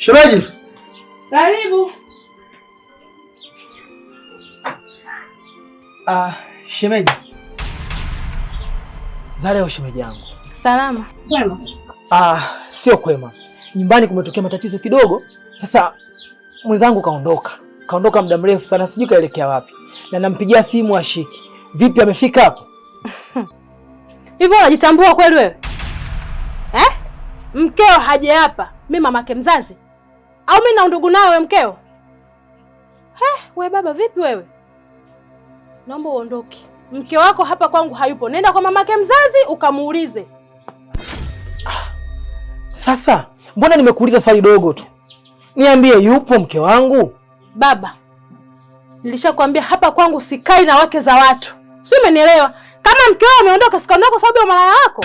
Shemeji. Karibu. Ah, shemeji. Za leo shemeji yangu. Salama. Kwema. Ah, sio kwema. Nyumbani kumetokea matatizo kidogo. Sasa mwenzangu kaondoka. Kaondoka muda mrefu sana, sijui kaelekea wapi. Na nampigia simu ashiki. Vipi amefika hapo? Hivyo unajitambua kweli wewe? Eh? Mkeo haje hapa. Mimi mamake mzazi au mimi na ndugu nawe mkeo? He, we baba vipi wewe? Naomba uondoke. Mke wako hapa kwangu hayupo, nenda kwa mamake mzazi ukamuulize. Ah, sasa mbona nimekuuliza swali dogo tu, niambie, yupo mke wangu? Baba, nilishakwambia hapa kwangu sikai na wake za watu, si umenielewa? Kama mkeo ameondoka, sikaondoka kwa sababu ya umalaya wako.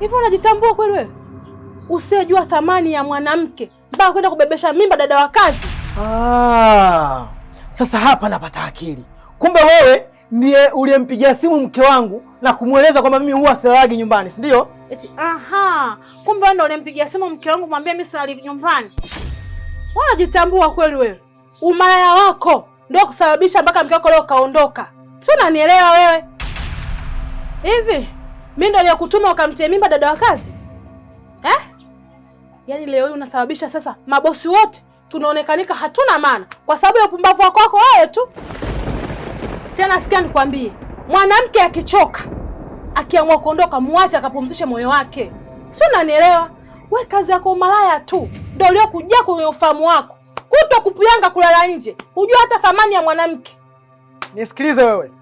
Hivyo unajitambua kweli wewe? Usiyejua thamani ya mwanamke mpaka kwenda kubebesha mimba dada wa kazi. Ah, sasa hapa napata akili. Kumbe wewe ndiye uliyempigia simu mke wangu na kumweleza kwamba mimi huwa silalagi nyumbani, si ndio? Eti aha, kumbe wewe ndio uliyempigia simu mke wangu kumwambia mimi silalagi nyumbani. Unajitambua kweli wewe? Umaya wako ndio kusababisha mpaka mke wako leo kaondoka. Si unanielewa wewe? Hivi mimi ndo aliyokutuma ukamtie mimba dada wa kazi eh? Yaani leo hii unasababisha sasa mabosi wote tunaonekanika hatuna maana kwa sababu ya upumbavu wako wako wewe tu. Tena sikia nikwambie, mwanamke akichoka, akiamua kuondoka, muache akapumzishe moyo wake, si unanielewa? We kazi yako umalaya tu ndo uliokuja kwenye ufahamu wako, kuto kupuyanga kulala nje, hujua hata thamani ya mwanamke. Nisikilize wewe,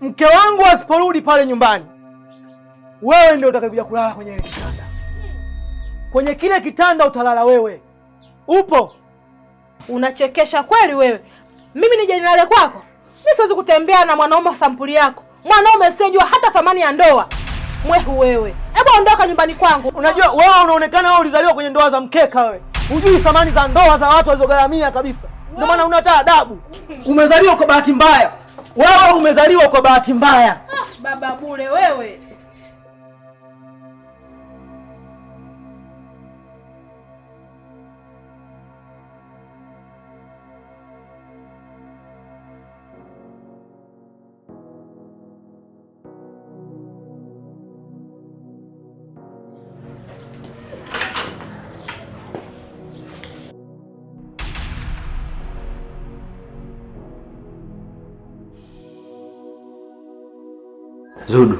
mke wangu asiporudi pale nyumbani wewe ndio utakayokuja kulala kwenye ile kitanda, kwenye kile kitanda utalala wewe. Upo? Unachekesha kweli wewe. Mimi nije nilale kwako? Mimi siwezi kutembea na mwanaume wa sampuli yako, mwanaume sijua hata thamani ya ndoa. Mwehu wewe, hebu ondoka nyumbani kwangu. Unajua wewe unaonekana wewe ulizaliwa kwenye ndoa za mkeka, wewe hujui thamani za ndoa za watu walizogharamia kabisa, ndio maana una adabu. Umezaliwa kwa bahati mbaya, wewe umezaliwa kwa bahati mbaya. Ah, baba bure wewe. Zudu,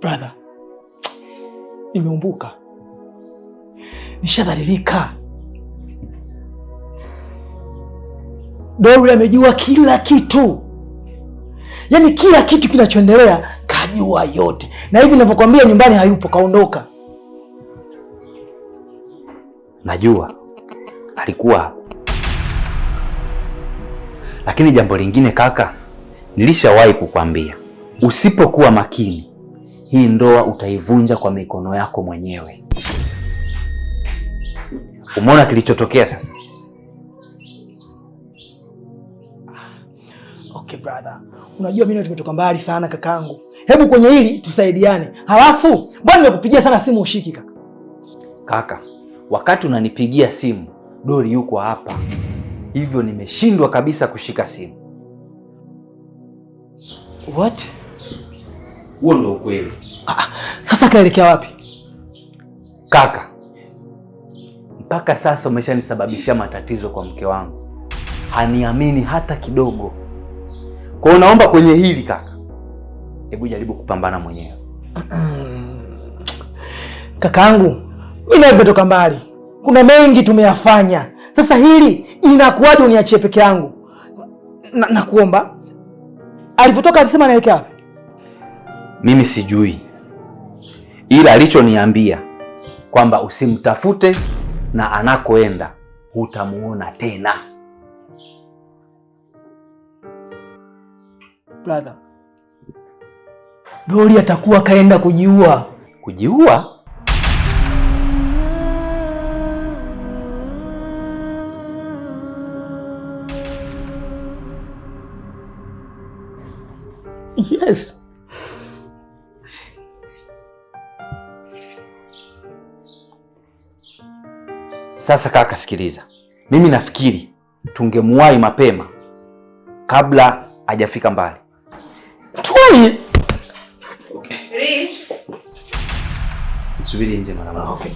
brother, nimeumbuka, nishadhalilika. Dori amejua kila kitu, yaani kila kitu kinachoendelea kajua yote, na hivi ninavyokuambia nyumbani hayupo, kaondoka. Najua alikuwa lakini jambo lingine kaka, nilishawahi kukwambia, usipokuwa makini hii ndoa utaivunja kwa mikono yako mwenyewe. Umeona kilichotokea sasa? Okay brother, unajua mimi tumetoka mbali sana kakangu, hebu kwenye hili tusaidiane. Halafu bwana, nimekupigia sana simu ushiki kaka. Kaka, wakati unanipigia simu Dori yuko hapa hivyo nimeshindwa kabisa kushika simu. What? Huo ndo ukweli. Ah, ah, sasa kaelekea wapi kaka? Yes. Mpaka sasa umeshanisababishia matatizo kwa mke wangu, haniamini hata kidogo. Kwa hiyo naomba kwenye hili kaka, hebu jaribu kupambana mwenyewe. Kakaangu, mimi nimetoka mbali, kuna mengi tumeyafanya sasa hili inakuwaje uniachie peke yangu? Na, nakuomba alivyotoka alisema naelekea wapi? Mimi sijui, ila alichoniambia kwamba usimtafute na anakoenda hutamuona tena. Brother, Dori atakuwa kaenda kujiua. Kujiua? Yes. Sasa kaka, sikiliza, mimi nafikiri tungemwahi mapema kabla hajafika mbali. Twai okay. Subiri nje mara moja. Ah, okay.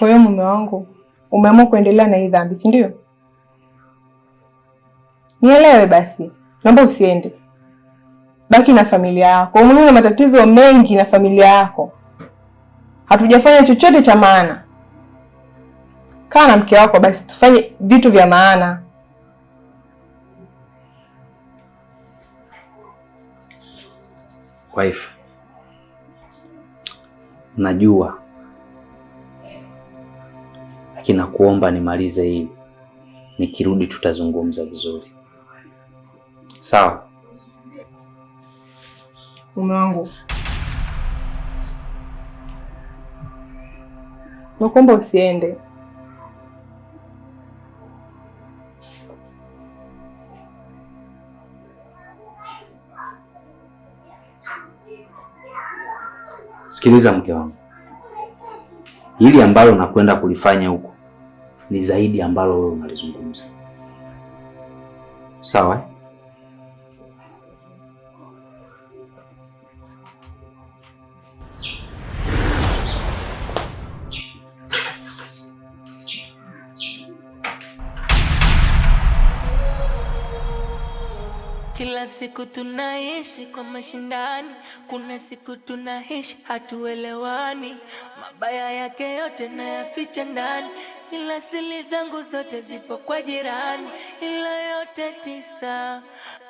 Kwa hiyo mume wangu, umeamua kuendelea na hii dhambi, si ndio? Nielewe basi, naomba usiende, baki na familia yako. Mwenyewe na matatizo mengi na familia yako, hatujafanya chochote cha maana. Kaa na mke wako basi, tufanye vitu vya maana. Wife, najua lakini nakuomba nimalize ni nikirudi tutazungumza vizuri, sawa? Mume wangu, nakuomba usiende. Sikiliza mke wangu, hili ambalo nakwenda kulifanya huko ni zaidi ambalo wewe unalizungumza. Sawa? Kila siku tunaishi kwa mashindani, kuna siku tunaishi hatuelewani, mabaya yake yote nayaficha ndani ila sili zangu zote zipo kwa jirani, ila yote tisa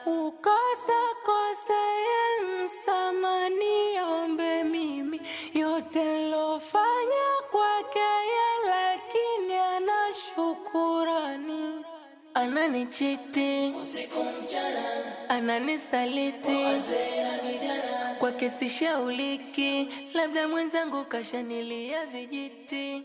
kukosa kosa ya msamani, ombe mimi yote lofanya kwake ya, lakini ana shukurani, ananichiti usiku mchana, ananisaliti kwake sishauliki, labda mwenzangu kashanilia vijiti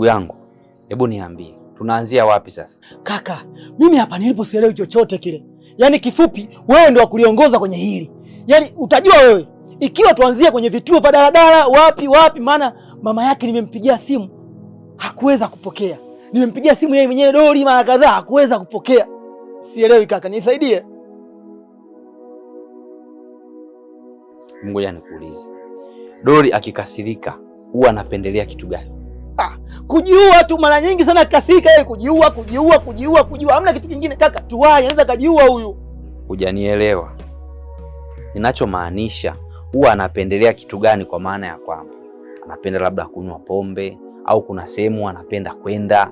ndugu yangu, hebu niambie tunaanzia wapi sasa? Kaka, mimi hapa nilipo sielewi chochote kile. Yaani kifupi, wewe ndio wakuliongoza kwenye hili. Yaani utajua wewe ikiwa tuanzie kwenye vituo vya daladala, wapi wapi, maana mama yake nimempigia simu hakuweza kupokea, nimempigia simu yeye mwenyewe dori mara kadhaa hakuweza kupokea. Sielewi kaka, nisaidie. Ngoja nikuulize, dori akikasirika huwa anapendelea kitu gani? kujiua. Kujiua tu mara nyingi sana kasika yeye kujiua, kujiua, kujiua, kujiua. Hamna kitu kingine kaka, tuwai, anaweza kajiua huyu. Hujanielewa. Ninachomaanisha huwa anapendelea kitu gani kwa maana ya kwamba anapenda labda kunywa pombe au kuna sehemu anapenda kwenda.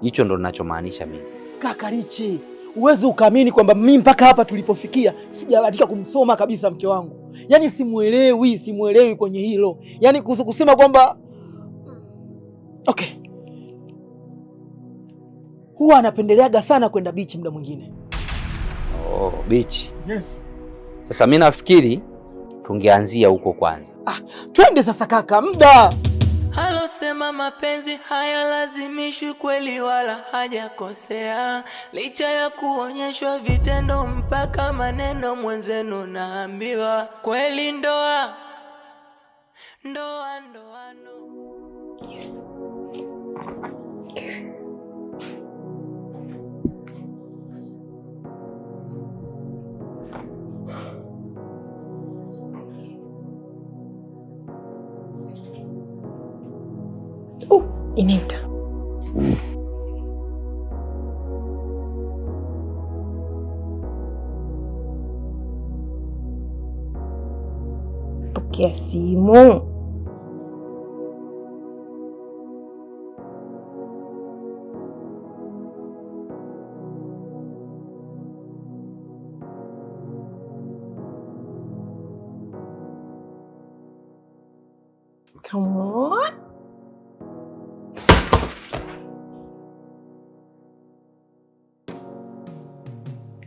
Hicho ndo ninachomaanisha mimi. Kaka Richi, uwezi ukaamini kwamba mimi mpaka hapa tulipofikia sijabahatika kumsoma kabisa mke wangu. Yaani simuelewi, simuelewi kwenye hilo. Yaani kusema kwamba Okay. Huwa anapendeleaga sana kwenda bichi muda mwingine. Oh, bichi. Yes. Sasa mimi nafikiri tungeanzia huko kwanza. Ah, twende sasa kaka, muda alosema mapenzi hayalazimishwi kweli, wala hajakosea, licha ya kuonyeshwa vitendo mpaka maneno. Mwenzenu naambiwa kweli, ndoa ndoa ndoa. Inita. Porque assim, é mon.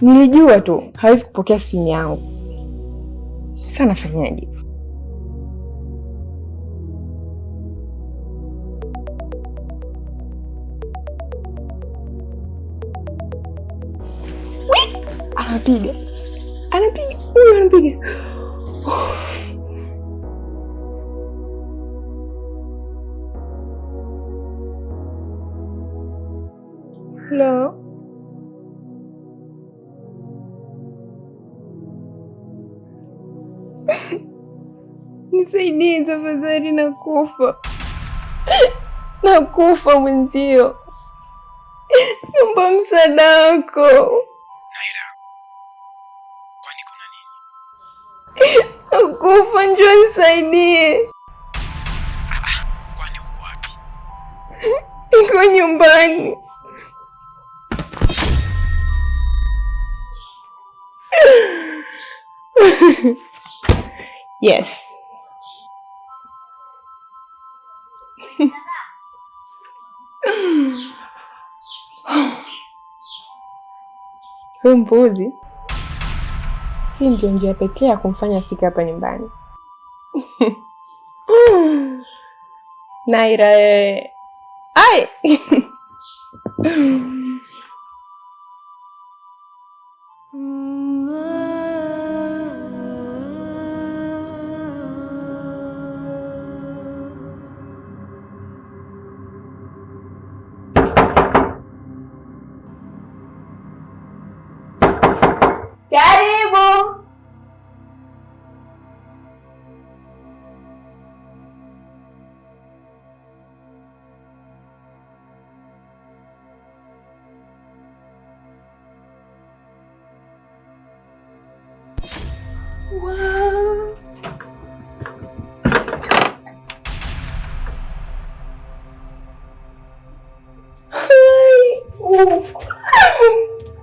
Nilijua tu hawezi kupokea simu yangu. Sasa nafanyaje? Anapiga, anapiga huyu, anapiga Hello. nisaidie tafadhali, nakufa nakufa mwenzio, naomba msaada wako. Naira, kwani kuna nini? Nakufa, njoo nisaidie. Kwani uko wapi? Niko nyumbani. Yes. Huyu mbuzi Hii ndio njia pekee ya kumfanya afike hapa nyumbani. Naira wewe, eh, ai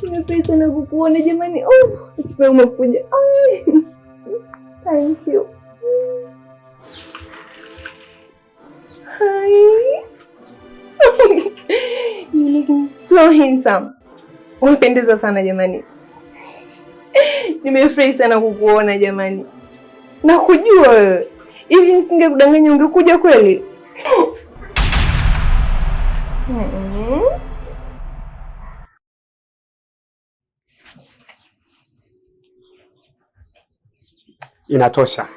Nimefurahi sana kukuona jamani. umekuja. Oh, thank you. Hi. You looking so handsome. Umependeza sana jamani. Nimefurahi sana kukuona jamani. Nakujua wewe. Hivi nisingekudanganya ungekuja kweli? Mm-mm. inatosha.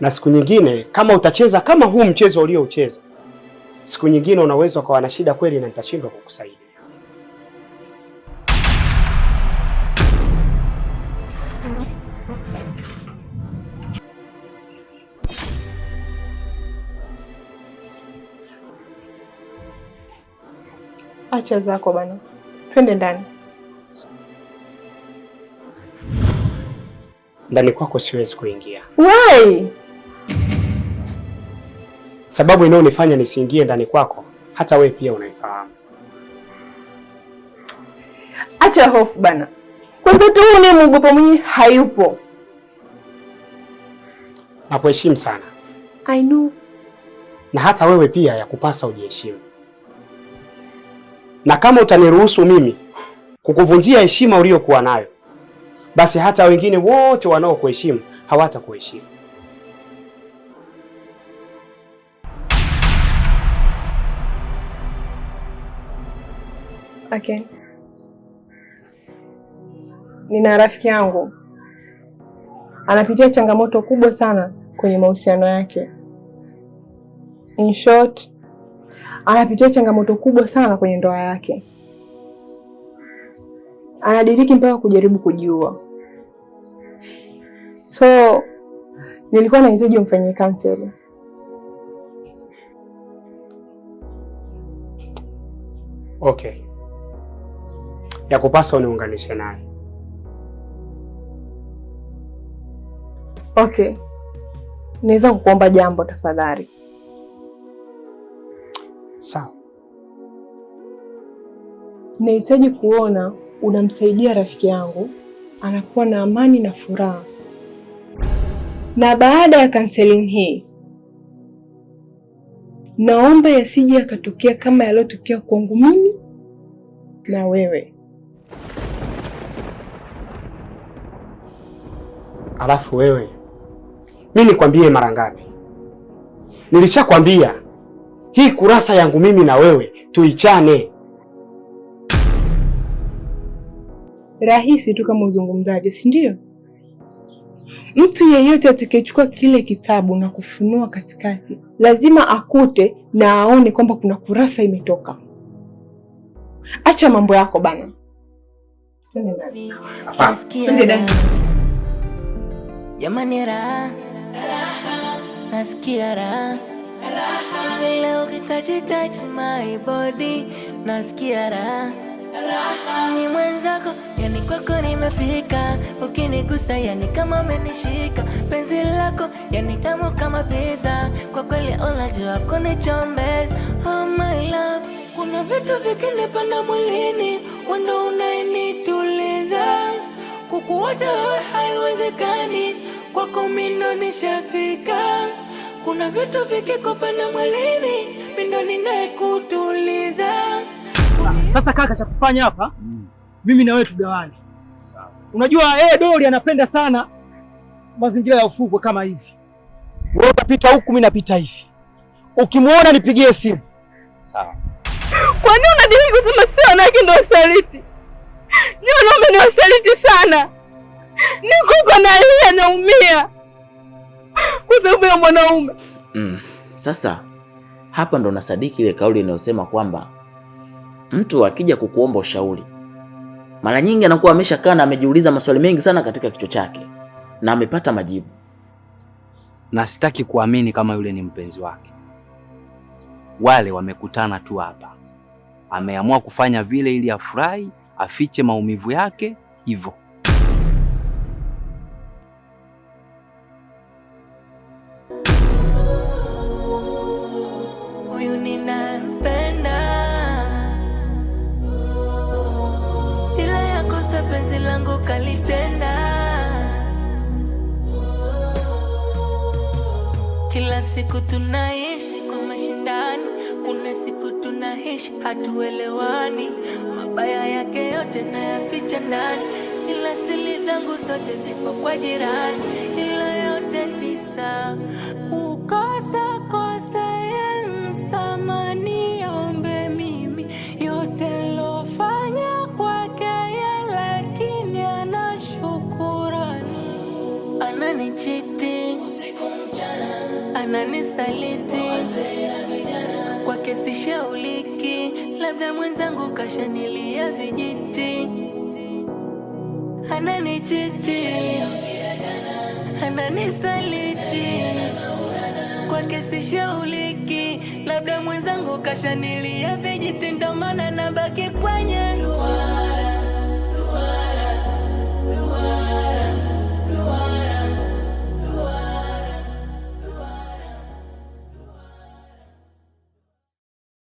Na siku nyingine kama utacheza kama huu mchezo uliocheza, siku nyingine unaweza ukawa na shida kweli, na nitashindwa kukusaidia. Acha zako bana, twende ndani. ndani kwako siwezi kuingia. Why? Sababu inayonifanya nisiingie ndani kwako hata we pia unaifahamu. Acha hofu bana, kwanza tu ni muogopa mwenye hayupo. Nakuheshimu sana. I know. Na hata wewe pia yakupasa ujiheshimu, na kama utaniruhusu mimi kukuvunjia heshima uliyokuwa nayo basi hata wengine wote wanaokuheshimu hawatakuheshimu. Okay. Nina rafiki yangu anapitia changamoto kubwa sana kwenye mahusiano yake. In short, anapitia changamoto kubwa sana kwenye ndoa yake anadiriki mpaka kujaribu kujiua. So nilikuwa nahitaji umfanyie kanseli. Okay, ya kupasa uniunganishe naye. Okay, naweza kukuomba jambo tafadhali? Sawa, nahitaji kuona unamsaidia rafiki yangu anakuwa na amani na furaha. Na baada ya counseling hii, naomba yasije yakatokea kama yaliyotokea kwangu mimi na wewe. Alafu wewe, mi nikwambie mara ngapi? Nilishakwambia hii kurasa yangu mimi na wewe tuichane. rahisi tu kama uzungumzaji, si ndio? Mtu yeyote atakayechukua kile kitabu na kufunua katikati lazima akute na aone kwamba kuna kurasa imetoka. Acha mambo yako bana. Jamani, raha nasikia raha, leo kikajitaji my body, nasikia raha ni mwenzako, yani kwako nimefika, ukinigusa yani kama umenishika. Penzi lako yani tamu kama pizza, kwa kweli unajua kunichombeza. Oh my love, kuna vitu vikinipanda mwilini, wendo unainituliza. Kukuwacha wewe haiwezekani, kwako mindo nishafika. Kuna vitu vikikopanda mwilini, mimi ninayekutuliza sasa kaka, cha kufanya hapa mm. mimi na wewe tugawane. Sawa. Unajua yeye eh, Dori anapenda sana mazingira ya ufukwe kama hivi. Wewe unapita huku, mimi napita hivi. Ukimwona nipigie simu. Sawa. Kwa nini unadili kusema sio wanawake ndio wasaliti? Ni wanaume ni wasaliti sana. Niko hapa nalia, naumia kwa sababu ya mwanaume. Mm. Sasa hapa ndo nasadiki ile kauli inayosema kwamba mtu akija kukuomba ushauri, mara nyingi anakuwa ameshakaa na amejiuliza maswali mengi sana katika kichwa chake na amepata majibu, na sitaki kuamini kama yule ni mpenzi wake. Wale wamekutana tu hapa, ameamua kufanya vile ili afurahi, afiche maumivu yake hivyo. Huyu ni nani? ukalitenda. Kila siku tunaishi kwa mashindano, kuna siku tunaishi hatuelewani. Mabaya yake yote nayaficha ndani, ila siri zangu zote zipo kwa jirani. amenichiti, ananisaliti, kwake labda mwenzangu kashanilia vijiti, ananichiti, ananisaliti, kwake labda mwenzangu kashanilia vijiti, ndo maana nabaki kwenye